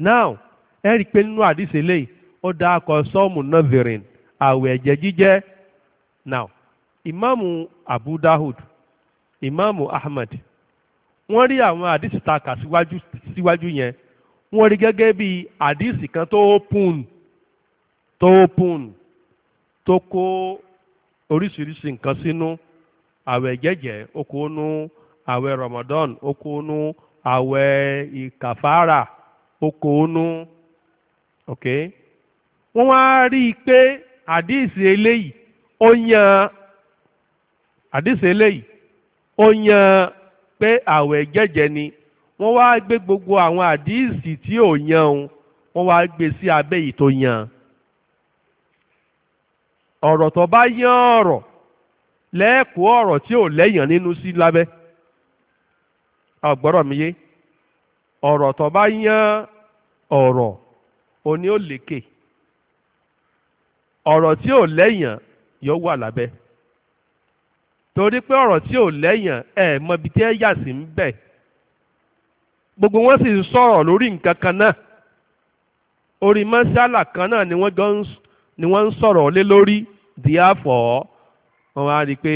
now ẹ rí i pé nínú àdìsí lè ó dá akọ sọ́ọ̀mù nọ́vìrìn àwẹ̀ ẹ̀jẹ̀ jíjẹ́ now ìmáàmù Abu Dahud ìmáàmù Ahmad wọ́n rí àwọn àdìsí ta kà síwájú síwájú yẹn wọ́n rí gẹ́gẹ́ bí àdìsí kan tó open tó open tó kó oríṣiríṣi nǹkan sínú àwẹ̀ jẹ́jẹ́ okòónú Ramadan okòónú awa ìkàfàrà. okòónú ok wọ́n wá rí i pé àdíìsì eléyìí ó yan àdíìsì eléyìí ó yan pé àwẹ̀ jẹ́jẹ́ ni wọ́n wá gbé gbogbo àwọn àdíìsì tí ò yan òun wọ́n wá gbé sí abẹ́ yìí tó yan ọ̀rọ̀ tó bá yan ọ̀rọ̀ lẹ́ẹ̀kọ́ ọ̀rọ̀ tí ò lẹ́yàn nínú sí lábẹ́ ọ̀gbọ́rọ̀ mi yé ọ̀rọ̀ tó bá yan ọ̀rọ̀ òní ò lékè ọ̀rọ̀ tí ò lẹ́yìn yóò wà lábẹ́ torí pé ọ̀rọ̀ tí ò lẹ́yìn ẹ̀ mọbi tí ẹ yà sí ń bẹ̀ gbogbo wọn sì ń sọ̀rọ̀ lórí nǹkan kan náà orí mọ́ṣálà kan náà ni wọ́n gan ni wọ́n ń sọ̀rọ̀ lé lórí díàfọ̀ wọn wá rí i pé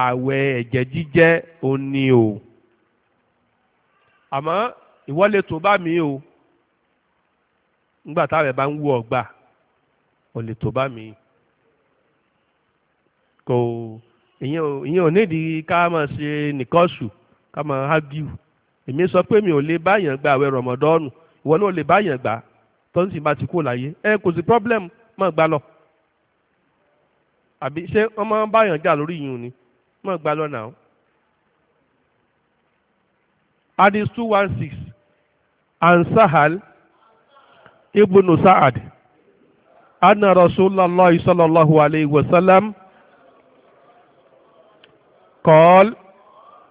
ààwẹ̀ ẹ̀jẹ̀ jíjẹ́ òní o àmọ́ ìwọ́lẹ̀ tó bá mi o nígbà táwọn ẹ̀ bá ń wú ọgbà ò lè tó bá mi kò ìyẹn ò nídìí ká máa ṣe nìkọ́sù ká máa hágíù èmi sọ pé mi ò lè báyàn gba àwẹ̀ rọ̀mọ̀dọ́ọ̀nù ìwọ náà ò lè báyàn gbà tó ń sì bá ti kú láyé ẹ kò sí problem máa gbà lọ àbí ṣé wọ́n máa ń báyàn jà lórí yìnyín ni máa gbà lọ náà. Hadith two one six an Sahal ibnu sa'ad anna rasulallah sallallahu alayhi wa sallam qala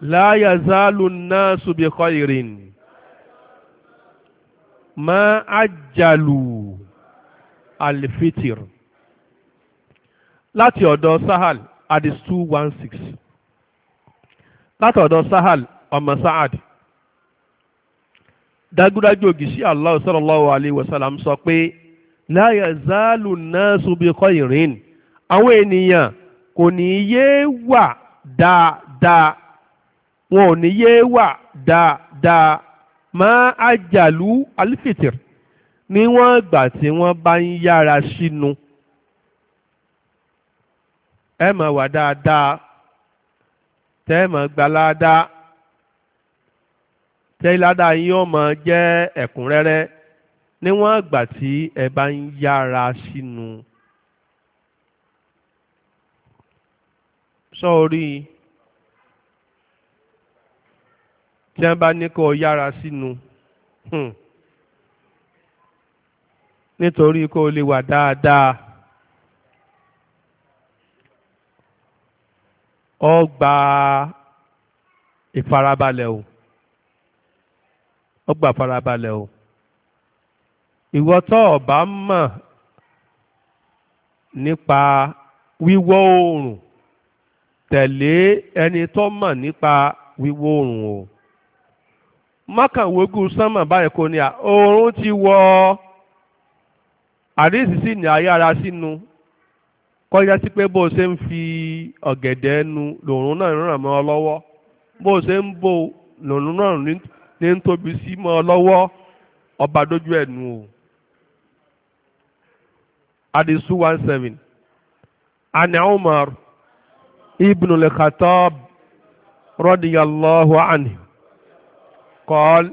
la yazalu an-nasu bi khairin ma ajjalu al-fitr láti ọ̀dọ̀ sahal hadith two one six láti ọ̀dọ̀ sahal ọmọ sa'ad dájúdájú ògìsí Allah sallallahu alayhi wa sallam sọ pé la yazalu nnasu bi khairin àwọn ènìyàn kò ní yé wà dáadáa wọn ò ní yé wà dáadáa ma ajalu alifitr níwọ̀n ìgbà tí wọ́n bá ń yára sínú ẹ máa wà dáadáa tẹ́ ẹ máa gbalá dáa tẹ́ládà yín ó mọ jẹ́ ẹ̀kúnrẹ́rẹ́ níwọ̀n àgbà tí ẹ bá ń yára sínú. sọ́ọ́rí tí wọ́n bá ní kó o yára sínú hmm, nítorí kó o lè wà dáadáa ọ ìfarabalẹ̀ o. ó gbà farabalẹ̀ o ìwọ tó o bá mọ̀ nípa wíwọ̀ oòrùn tẹ̀lé ẹni tó mọ̀ nípa wíwọ̀ oòrùn o mọ́kànwégú sánmà báyìí kò ní à oòrùn ti wọ̀ àdéhìsì sì ní ayára sínú kọjá sí pé bó o ṣe ń fi ọ̀gẹ̀dẹ̀ nu lòrùn náà ràn mọ́ ọ lọ́wọ́ bó o ṣe ń bò lòrùn náà ní ń tóbi sí mọ́ ọ lọ́wọ́ ọba dójú ẹ̀ nù o. Adisu one seven. Ani Umar ibn al-Khattab radiyallahu anhu. Qal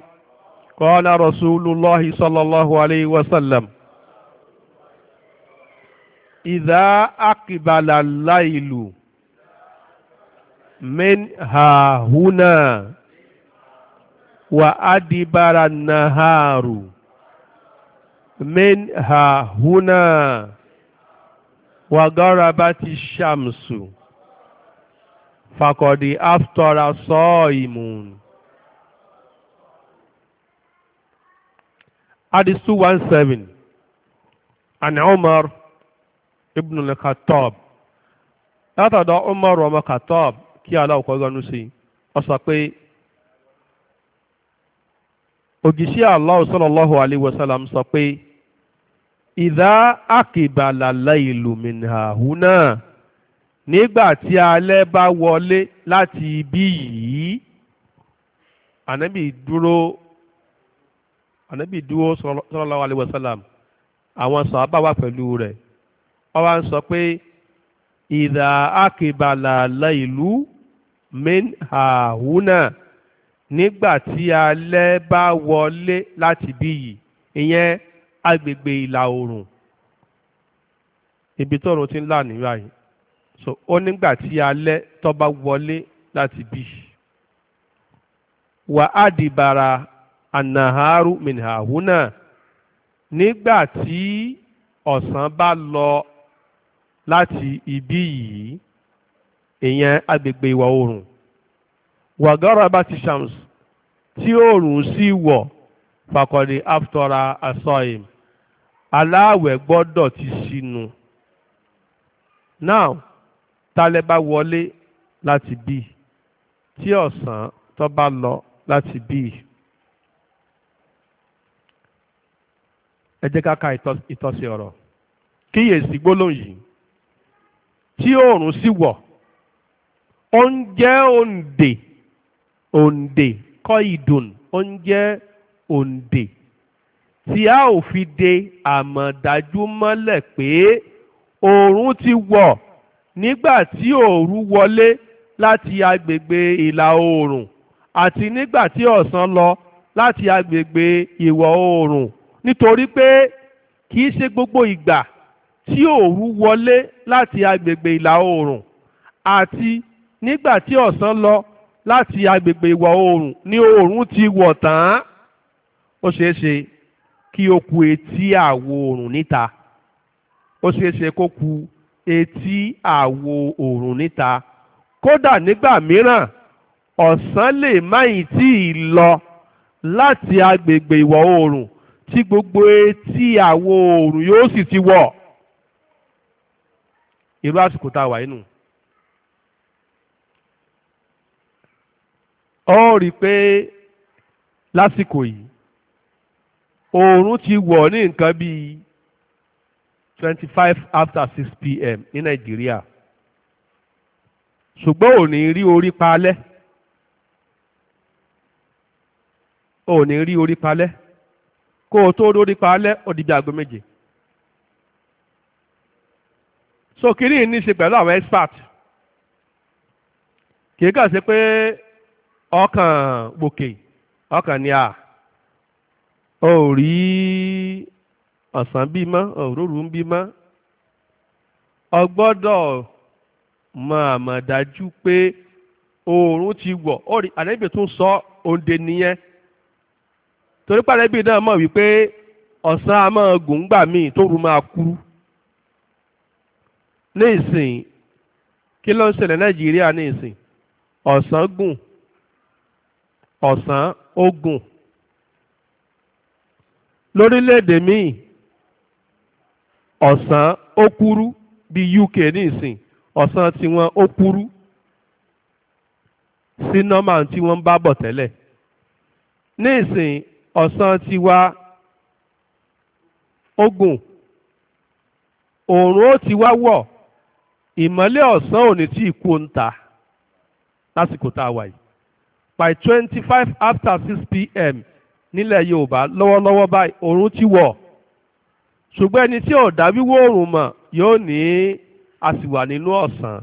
qala Rasulullahi sallallahu alayhi wa sallam. إذا أقبل الليل من ها wa adịbara na ha naharu min ha hụ huna wa garabati shamsu fakọdi aftara sọọimun. Hadith 217 An Umar ibn al-Khattab látọ̀dọ̀ Umar ọmọ Khattab kí aláwọ̀ kọ́ gánú sí ọ sọ pé ògìṣẹ́ Allah sallallahu alayhi wa sallam sọ pé ìdá àkìbàlà láìlú mìnàhúnà nígbà tí alẹ́ bá wọlé láti ibí yìí ànábì dúró ànábì dúró sallallahu alayhi wa sallam àwọn sàábà wà pẹ̀lú rẹ̀ wọ́n wá ń sọ pé ìdá àkìbàlà láìlú mìnàhúnà nígbà tí alẹ́ bá wọlé láti bí yìí ìyẹn agbègbè ìlà oòrùn ibi tọ́run ti ń là ní báyìí so ó nígbà tí alẹ́ tó bá wọlé láti bí yìí wà á dìbàrà ànàhàrú mìnhàhúnà nígbà tí ọ̀sán bá lọ láti ibí yìí ìyẹn agbègbè ìwọ̀ oòrùn wàgọ́rọ̀ bá ti ṣàmùsù tí oòrùn sì wọ̀ fàkọ̀dé aftọ́ra asọ́ìm aláàwẹ̀ gbọ́dọ̀ ti sínú. now talẹ̀ bá wọlé láti bí tí ọ̀sán tó bá lọ láti bí. ẹ jẹ́ ká ka ìtọ́sí ọ̀rọ̀ kíyèsí gbólóhùn yìí tí oòrùn sì wọ̀ ó ń jẹ́ òǹdè òǹdè kọ́ ìdùn ó ń jẹ́ òǹdè tí a ò fi de àmọ̀dájú mọ́lẹ̀ pé oòrùn ti wọ̀ nígbà tí òòrù wọlé láti agbègbè ìlà oòrùn àti nígbà tí ọ̀sán lọ láti agbègbè ìwọ̀ oòrùn nítorí pé kì í ṣe gbogbo ìgbà tí òòrù wọlé láti agbègbè ìlà oòrùn àti nígbà tí ọ̀sán lọ láti agbègbè ìwọ̀ oòrùn ní oòrùn ti wọ̀ tán ó ṣeé ṣe kí ó ku etí àwo oòrùn níta ó ṣeé ṣe kó ku etí àwo oòrùn níta kódà nígbà mìíràn ọ̀sán lè má ì tí ì lọ láti agbègbè ìwọ̀ oòrùn tí gbogbo etí àwo oòrùn yóò sì ti wọ̀ irú àsìkò tá a wà yìí nù. ó rí i pé lásìkò yìí oòrùn ti wọ̀ ní nǹkan bíi twenty five after six pm ní nàìjíríà ṣùgbọ́n ò ní rí orí palẹ̀ ò ní rí orí palẹ̀ kó o tó lórí palẹ̀ ó di bí aago méje so kínní ní í ṣe pẹ̀lú àwọn expert kì í kàn ṣe pé. ọkàn wòkè ọkàn ni a ò rí ọ̀sán bí mọ́ òróró ń bí mọ́ ọ gbọ́dọ̀ mọ dájú pé oòrùn ti wọ̀ ó rí tún sọ òǹde nìyẹn torí pàdébì náà mọ̀ wípé ọ̀sán a máa gùn gbà míì tó rú máa kú ní ìsìn ọ̀sán ogun lórílẹ̀‐èdè míì ọ̀sán ó kúrú bíi UK nísìn ọ̀sán tiwọn ó kúrú sí nọ́mà tí wọ́n ń bá bọ̀ tẹ́lẹ̀ nísìn ọ̀sán tiwa ogun òòrùn ó ti wá wọ̀ ìmọ́lẹ̀ ọ̀sán ò ní tí ì kú ń ta lásìkò tá a wà yìí by twenty five after six pm nílẹ̀ yorùbá lọ́wọ́lọ́wọ́ báyìí oòrùn ti wọ̀ ṣùgbọ́n ẹni tí ò dá wíwọ̀ oòrùn mọ̀ yóò ní a sì wà nínú ọ̀sán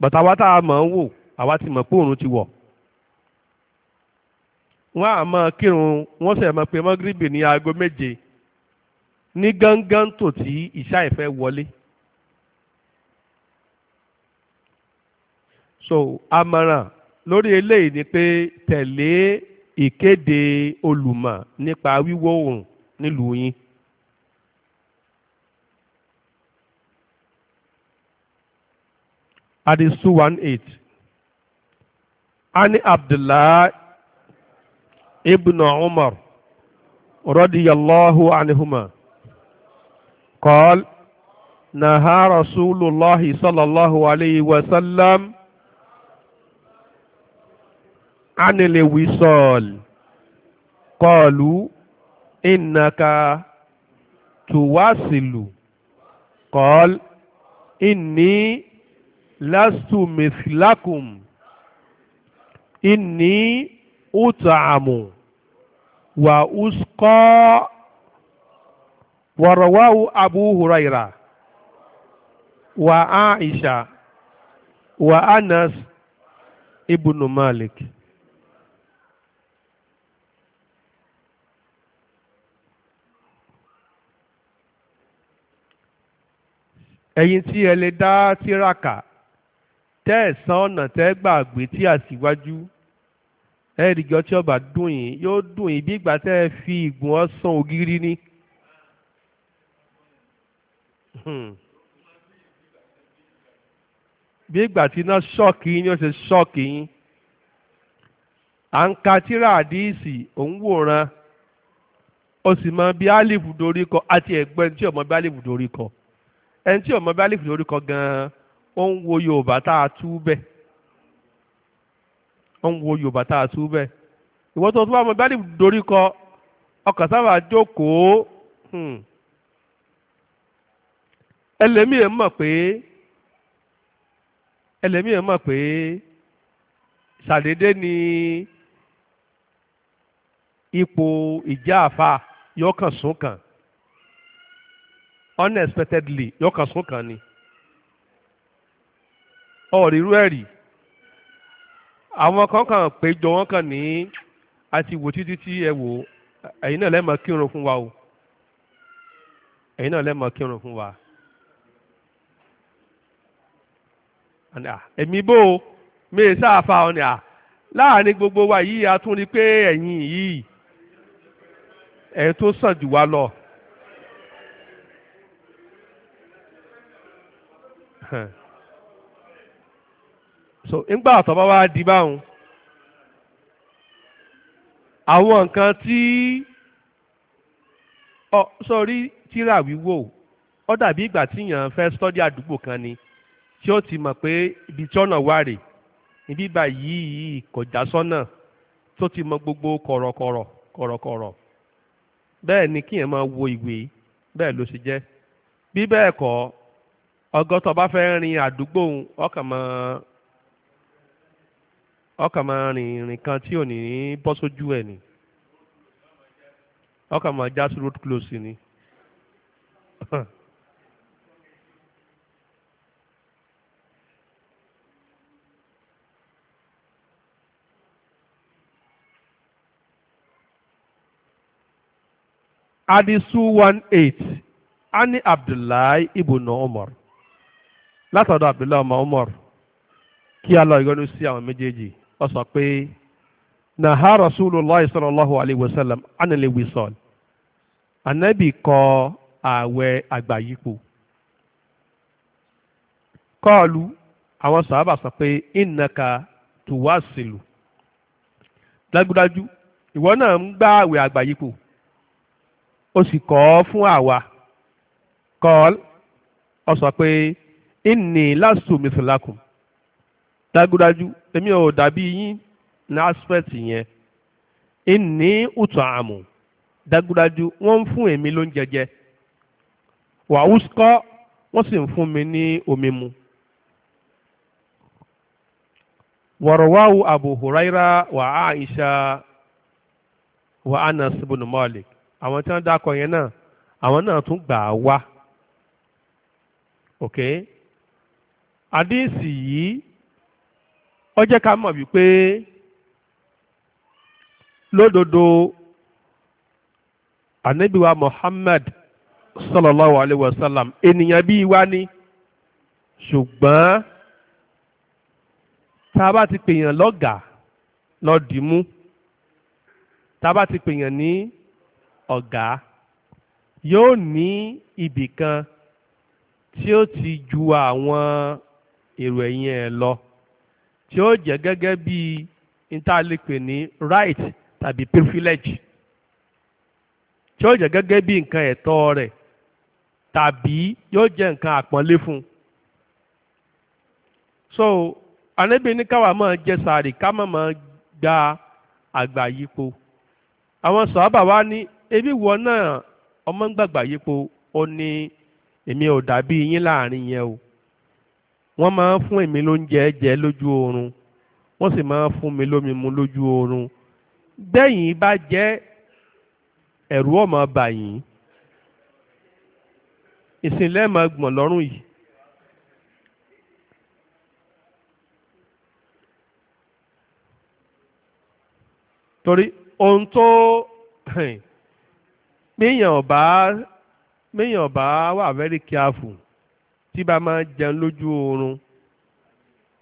bàtà wa tá a mọ̀ ń wò àwa ti mọ̀ pé oòrùn ti wọ̀ wọ́n á máa kírun wọ́n sẹ̀ mọ̀ pé mọ́gírìbì ní aago méje ní gángan tò tí ìṣá ìfẹ́ wọlé. so àmọ̀ràn lórí eléyìí ni pé tẹ̀lé ìkéde olùmọ̀ nípa wíwọ̀ oòrùn nílùú yín. Hadith 218 Ani Abdullah ibn Umar radiyallahu anhuma قال نهى رسول الله صلى الله عليه anil wisol kọlu innaka tuwasilu kọl inni lastu mithlakum inni utaamu wa usqa warawahu abu huraira wa aisha wa anas ibnu malik ẹ̀yin tí ẹ lè dá tíraka tẹ́ ẹ̀ san ọ̀nà tẹ́ gbàgbé tí a sì wájú tí ọba dùn yín yóò dùn yín bí ìgbà tẹ́ ẹ fi ìgbọ̀n ọsàn ògiri ni. Hmm. bí ìgbà tí iná ṣọ́ọ̀kì yín ni ó ṣe ṣọ́ọ̀kì yín à ń ka tíra àdíìsì òun wòran ó sì mọ bí álìfù dorí kọ àti ẹ̀gbọ́n tí ọmọ bí álìfù dorí kọ. ẹni tí ọmọ bí gan-an ó ń wo yorùbá tá a tú bẹ́ẹ̀ ó ń wo yorùbá tá a tú bẹ́ẹ̀ ìwọ́n tó ọmọ bí alif ọkàn sábà jókòó hmm. ẹlẹ́mìí mọ̀ pé ẹlẹ́mìí mọ̀ pé ni ipò ìjà àfa yọkàn sún unexpectedly yọkàn sún kan ni ọ̀rírú ẹ̀rí àwọn kan kàn péjọ wọn kàn ní àti wò títí tí ẹ wò ẹ̀yin náà lẹ́ẹ̀mọ kírun fún wa o ẹ̀yin náà lẹ́ẹ̀mọ kírun fún wa ẹ̀mí bò ó mèé sáàfà ọ̀nì à láàrin gbogbo wa yìí a tún rí pé ẹ̀yin yìí ẹ̀ tó sàn jù wá lọ. so ńgbà ọ̀tọ̀ bá wá di báwọn àwọn nǹkan tí ọ sọrí tíra wíwò ó dàbí ìgbà tíyàn fẹ́ sọ́dí àdúgbò kan ni tí ó ti mọ̀ pé ibi tí ọ̀nà wà rè ibi báyìí kọjá sọ́nà tó ti mọ gbogbo kọ̀rọ̀kọ̀rọ̀ kọ̀rọ̀kọ̀rọ̀ bẹ́ẹ̀ ni kíyàn máa wo ìwé bẹ́ẹ̀ ló ṣe jẹ́ bí bẹ́ẹ̀ kọ́ ọgọ́tọ̀ bá fẹ́ rin àdúgbò ọkàn mọ́ ọkàn mọ́ rin ìrìn kan tí ò ní bọ́ sójú ẹ̀ ni ọkàn mọ́ just road close ni. Adisu one eight Ani Abdullahi ibùnà Omar. látọ̀dọ̀ abdullahi ọmọ umar kí a lọ ìyọnu sí àwọn méjèèjì ó sọ pé nàhá rasulullah sallallahu alayhi wa anabi kọ̀ ààwẹ̀ àgbáyípo kọ́ọ̀lù àwọn sàábà sọ pé ịnaka tùwásìlù dájúdájú ìwọ náà ń gba ààwẹ̀ àgbáyípo ó sì fún àwa inni lasu mithlakum dagudaju emi o dabi yin ní aspect yẹn inni utu amu dagudaju wọ́n ń fún èmi ló ń jẹjẹ wà úsùkọ́ wọ́n sì ń fún mi ní omi mu. wàrọ̀wáwù abu huraira wà aisha wà anas ibn malik àwọn tí wọ́n dákọ̀ yẹn náà àwọn náà tún gbà á Okay? àdíìsì yìí ó jẹ́ ká mọ̀ wípé lódodo ànábìwa Muhammad sallallahu alayhi wa sallam ènìyàn bíi wá ní ṣùgbọ́n tá a bá ti pèèyàn lọ́gàá lọ́dìmú tá a bá ti pèèyàn ní ọ̀gá yóò ní ibì kan tí ó ti ju àwọn èrò ẹ̀yìn ẹ̀ lọ tí ó jẹ́ gẹ́gẹ́ bí intalepè ní right tàbí privilege tí ó jẹ́ gẹ́gẹ́ bí nǹkan ẹ̀tọ́ rẹ̀ tàbí yóò jẹ́ nǹkan àpọ́nlé fún so ànábì ní káwa máa jẹ sàárì ká má máa gba àgbà yípo àwọn sọ̀hábà wa ní ebi wọ náà ọmọ ń gbàgbà yípo ó ní èmi ò dàbí yín láàrin yẹn o. wọ́n máa ń fún èmi lóúnjẹ jẹ lójú oorun wọ́n sì máa ń fún mi lómi mu lójú oorun bẹ́yìn bá jẹ́ ẹ̀rù ó máa bà yín ìsìnlẹ̀ máa gbọ̀n lọ́rùn yìí. torí ohun tó méèyàn bá méèyàn bá wà very careful tí bá máa jẹun lójú oorun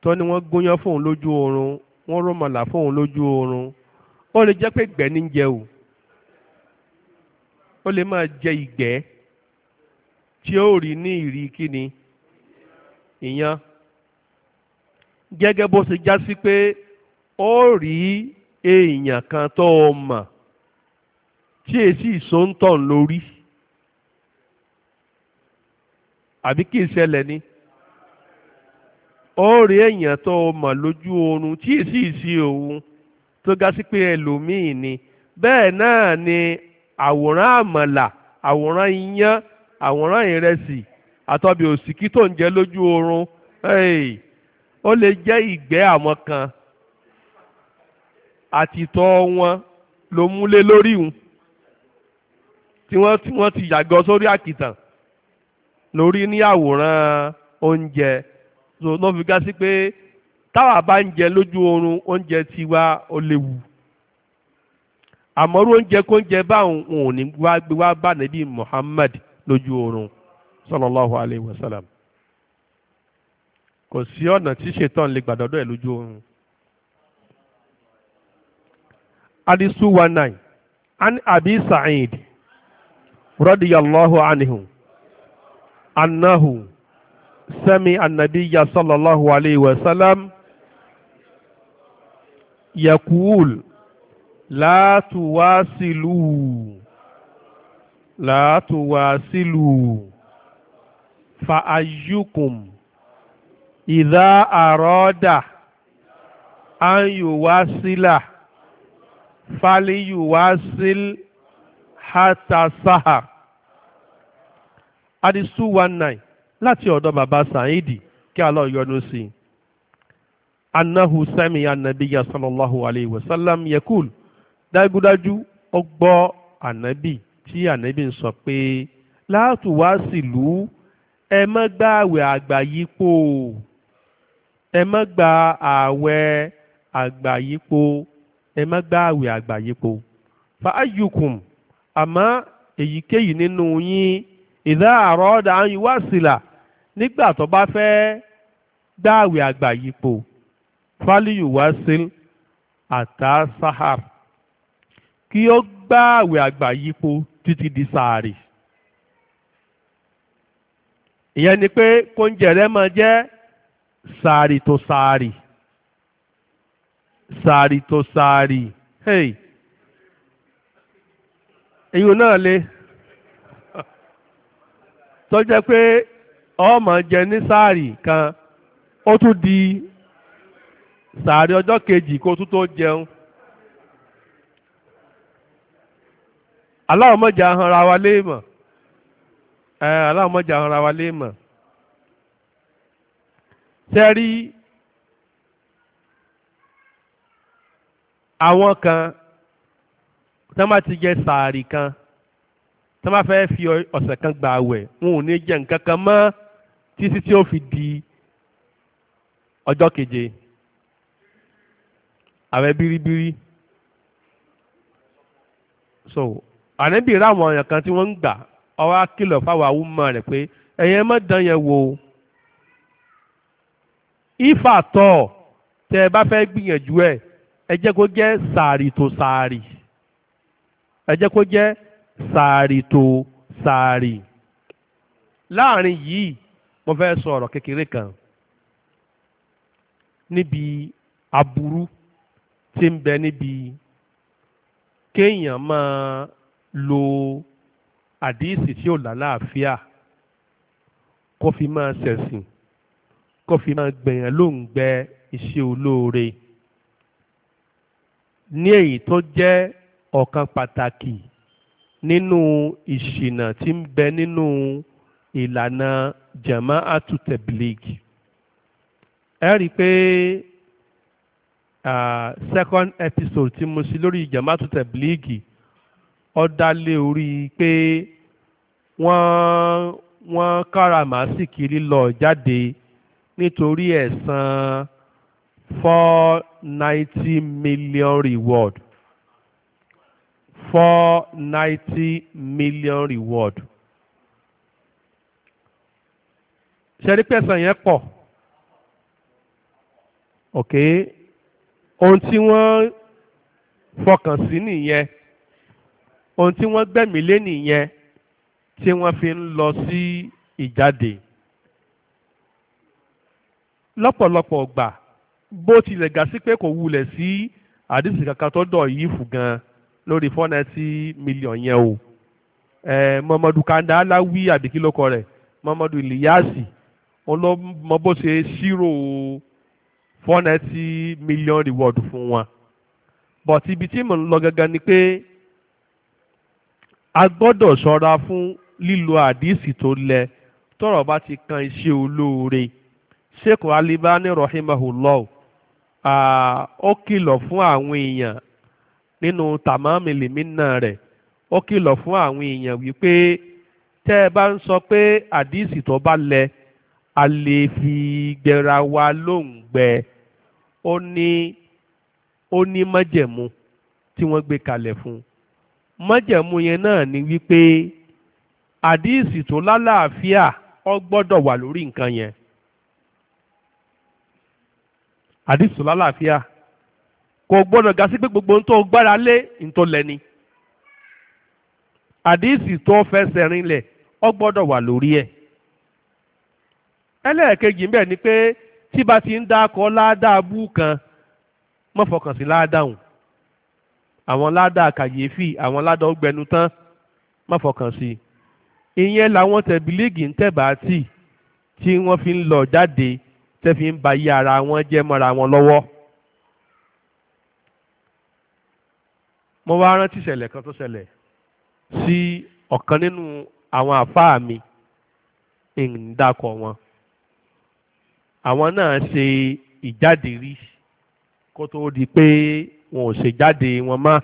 tó ní wọ́n gúnyán fóun lójú oorun wọ́n rọ̀mọ̀là fóun lójú oorun ó lè jẹ́ pé ìgbẹ́ ní jẹ o ó lè máa jẹ ìgbẹ́ tí ó rí ní ìrí kíni ìyàn gẹ́gẹ́ bó ṣe já sí pé ó rí èèyàn kan tó o mọ̀ tí èsì ìsóńtọ̀ lórí. àbí kì í ṣẹlẹ̀ ni ó rí èèyàn tó o mọ̀ lójú oorun tí èsì ìsí òun tó ga sí pé ẹlòmíì ni bẹ́ẹ̀ náà ni àwòrán àmàlà àwòrán iyán àwòrán ìrẹsì àtọ́bí òsìkí tó ń jẹ lójú oorun ó lè jẹ́ ìgbẹ́ àwọn kan àtìtọ́ wọn ló múlé lórí wọn tí wọ́n ti yàgò sórí àkìtàn. lórí ní àwòrán oúnjẹ so fi gá sí pé táwa bá ń jẹ lójú oorun oúnjẹ tiwa ó léwu àmọ́rú oúnjẹ kó ń jẹ báwọn òun ní wá gbé wá bá nàbí Muhammad lójú oorun sallallahu alayhi wa sallam kò sí ọ̀nà tí ṣetán lè gbàdọ́dọ̀ ẹ̀ wa nine abi sa'id أنه سمع النبي صلى الله عليه وسلم يقول لا تواصلوا لا تواصلوا فأيكم إذا أراد أن يواصل فليواصل حتى سهر hadith two láti ọ̀dọ̀ bàbá Sàìdì kí Allah yọ́nú sí i. annahu sami anabiya sallallahu alayhi wa sallam yakul dájúdájú ó anabi ànábì tí ànábì ń sọ pé láàtú wá sí lù ú ẹ má gba àwẹ̀ àgbàyípo ẹ má gba àwẹ̀ àgbàyípo ẹ má gba àwẹ̀ àgbàyípo fa ayyukum àmọ́ èyíkéyìí nínú yín. ìdá àrọ́ ọ̀dà ayùn wá sílà nígbà tó bá fẹ́ dáàwé àgbà yípo fáliyù wá síl àtà sahar kí ó gbáàwé àgbà yípo títí di sàárì ìyẹn ni pé kóúnjẹ rẹ máa jẹ́ sàárì tó sàárì sàárì tó sàárì hey èyí náà le. tó jẹ́ pé ọmọ jẹ ní sáàrì kan ó tún di sáàrì ọjọ́ kejì kó tún tó jẹun. aláwọ̀mọ̀jà hanra wa léèmọ̀ ẹ aláwọ̀mọ̀jà hanra wa léèmọ̀ sẹ́rí àwọn kan tẹ́ bá ti jẹ sáàrì kan. tó bá fẹ́ fi ọ̀sẹ̀ kan gba àwẹ̀ wọn ò ní jẹ nǹkan kan mọ́ títí tí ó fi di ọjọ́ keje àwẹ̀ bíríbírí so ànábì ráwọn èèyàn kan tí wọ́n ń gbà ọwọ́ kìlọ̀ fáwọn àwùmọ̀ rẹ̀ pé ẹ̀yẹn má dán yẹn wò ifá tọ̀ tẹ́ ẹ bá fẹ́ gbìyànjú ẹ̀ ẹ jẹ́ kó jẹ́ sàárì tó sàárì ẹ jẹ́ kó jẹ́ sáárì tó sáárì láàrin yìí mo fẹ́ sọ ọ̀rọ̀ kékeré kan níbi aburú tí ń bẹ níbi kéèyàn máa lo àdíìsì tí ò lálàáfíà kó fi máa ṣẹ̀sìn kó fi máa gbẹ̀yàn ló ń iṣẹ́ olóore ní èyí tó jẹ́ ọ̀kan pàtàkì nínú ìṣìnà tí ń bẹ nínú ìlànà jama'atu tabligh ẹ rí i pé second episode tí mo ṣe lórí jama'atu tabligh ó dá lé orí pé wọ́n wọ́n káràmásìkiri lọ jáde nítorí ẹ̀san four ninety million reward four ninety million reward ṣẹ́rí pẹ̀sán yẹn pọ̀ ok ohun tí wọ́n fọkàn sí nìyẹn ohun tí wọ́n gbẹ̀mí lé nìyẹn tí wọ́n fi ń lọ sí ìjáde lọ́pọ̀lọpọ̀ gbà bó tilẹ̀ gà sí pé kò wulẹ̀ sí àdìsí kankan tó dọ̀ yìí fù gan-an lórí four ninety million yẹn o ẹ Muhammadu Kanda Alawi àbíkílókọ rẹ Muhammadu Iliyasi ọlọmọ bó ṣe ṣírò four ninety million reward fún wọn but ibi tí mò ń lọ gangan ni pé a gbọ́dọ̀ ṣọ́ra fún lílo àdísì tó lẹ tọ́rọ̀ bá ti kan iṣẹ́ olóore Sheikh Albani rahimahullah ó kìlọ̀ fún àwọn èèyàn nínú tàmámìlìmínà rẹ̀ ó kìlọ̀ fún àwọn èèyàn wípé tẹ́ ẹ bá ń sọ pé àdíìsì tó bá lẹ a lè fi gbẹra wa lóhùn ó ní ó ní májẹ̀mú tí wọ́n gbé kalẹ̀ fún májẹ̀mú yẹn náà ni wípé àdíìsì tó lálàáfíà ó gbọ́dọ̀ wà lórí nǹkan yẹn àdíìsì tó lálàáfíà kò gbọ́dọ̀ ga sí pé gbogbo ń tó gbára lé ń tó lẹ́ni àdíìsì tó fẹsẹ̀ rinlẹ̀ ọ gbọ́dọ̀ wà lórí ẹ̀ ẹlẹ́ẹ̀kejì ń bẹ ni pé tí bá ti ń dákọ̀ ládàá bú kan mọ́ fọkàn sí ládàáhùn àwọn ládàá kàyéfì àwọn ládàá ọgbẹnu tán mọ́ fọkàn sí ìyẹn làwọn tẹ̀bílíìgì ń tẹ̀bà tì tí wọ́n fi ń lọ jáde tẹ́ fi ń ba ara wọn jẹ́ mọ́ra wọn lọ́wọ́. mo wá rántí ìṣẹ̀lẹ̀ kan tó ṣẹlẹ̀ sí ọ̀kan nínú àwọn àfáà mi ìdàkọ̀ wọn àwọn náà ṣe ìjáde rí kó tó di pé wọn ò jáde wọn mọ́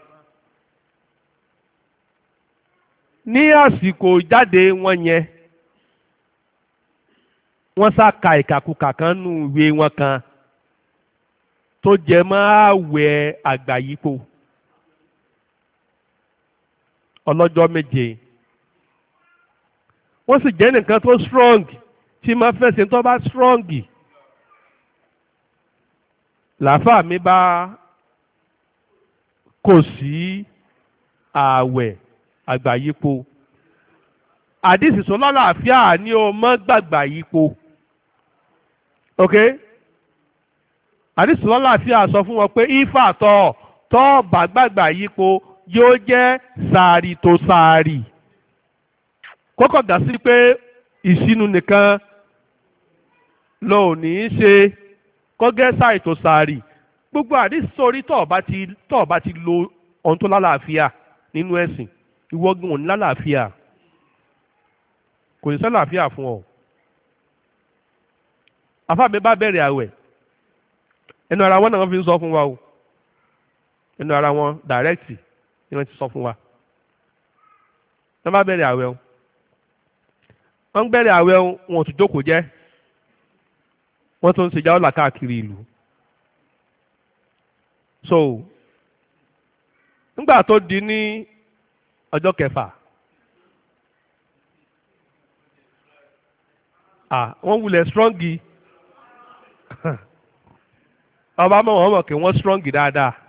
ní àsìkò ìjáde wọn yẹn wọ́n sá ka ìkàkùkà kan nù ìwé wọn kan tó jẹ mọ́ àwẹ̀ àgbáyípo. ọlọ́jọ́ méje wọ́n sì jẹ́ nìkan tó strong tí máa fẹ̀sìn tó bá strong làáfà mi bá kò sí ààwẹ̀ àgbàyípo àdìsí sọ lọ́làáfíà ni o mọ́ gbàgbà yípo ok àdìsí sọ lọ́làáfíà sọ fún wọn pé ifá tọ̀ tọ́ bàgbàgbà yípo yóò jẹ́ sàárì tó sàárì kọ́kọ́ dá sí pé ìsinu nìkan lọ ò ní í ṣe kọ́gẹ́ sàárì tó sàárì gbogbo àdìsí sórí ti tọ́ọ̀bá ti lo ohun tó lálàáfíà nínú ẹ̀sìn ìwọ́gun ò ní lálàáfíà kò ní sálàáfíà fún ọ. àfa mi bá bẹ̀rẹ̀ àwẹ̀ ẹnu ara wọn náà fi ń sọ fún wa o ẹnu ara wọn dàrẹ́kìtì ni wọ́n ti sọ fún wa tí wọ́n bá bẹ̀rẹ̀ àwẹ̀ o wọ́n ń bẹ̀rẹ̀ àwẹ̀ o wọn ò tún jókòó jẹ́ wọ́n tún ń ṣèjà ọ̀là káàkiri ìlú so nígbà tó di ní ọjọ́ kẹfà ah wọ́n wulẹ̀ strongi ọba mọ̀ wọ́n mọ̀ kí wọ́n strongi dáadáa.